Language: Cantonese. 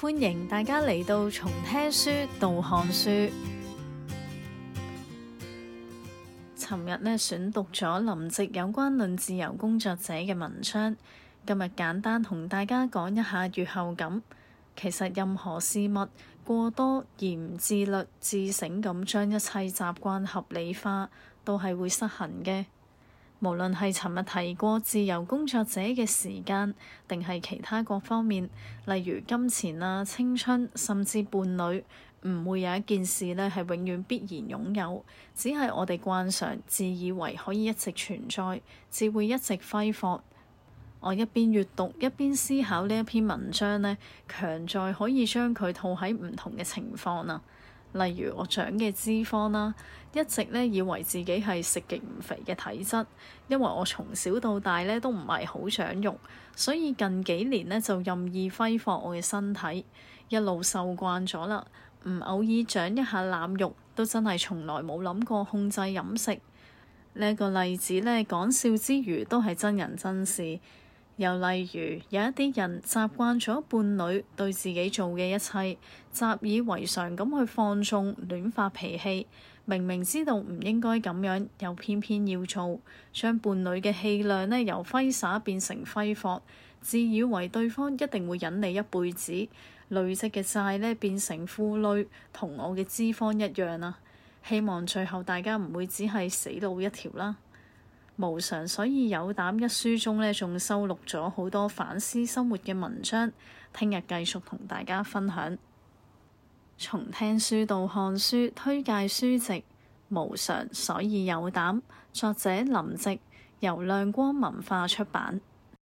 歡迎大家嚟到從聽書到看書。尋日呢選讀咗林夕有關論自由工作者嘅文章，今日簡單同大家講一下閱後感。其實任何事物過多而唔自律、自省咁，將一切習慣合理化，都係會失衡嘅。無論係尋日提過自由工作者嘅時間，定係其他各方面，例如金錢啊、青春，甚至伴侶，唔會有一件事咧係永遠必然擁有，只係我哋慣常自以為可以一直存在，只會一直揮霍。我一邊閱讀，一邊思考呢一篇文章呢，強在可以將佢套喺唔同嘅情況啊。例如我長嘅脂肪啦，一直咧以為自己係食極唔肥嘅體質，因為我從小到大咧都唔係好長肉，所以近幾年咧就任意揮霍我嘅身體，一路受慣咗啦，唔偶爾長一下腩肉都真係從來冇諗過控制飲食。呢個例子咧，講笑之餘都係真人真事。又例如有一啲人習慣咗伴侶對自己做嘅一切，習以為常咁去放縱、亂發脾氣，明明知道唔應該咁樣，又偏偏要做，將伴侶嘅氣量呢，由揮灑變成揮霍，自以為對方一定會忍你一輩子，累積嘅債呢，變成負累，同我嘅脂肪一樣啊。希望最後大家唔會只係死路一條啦。《無常，所以有膽》一書中咧，仲收錄咗好多反思生活嘅文章。聽日繼續同大家分享。從聽書到看書，推介書籍《無常所以有膽》，作者林夕，由亮光文化出版。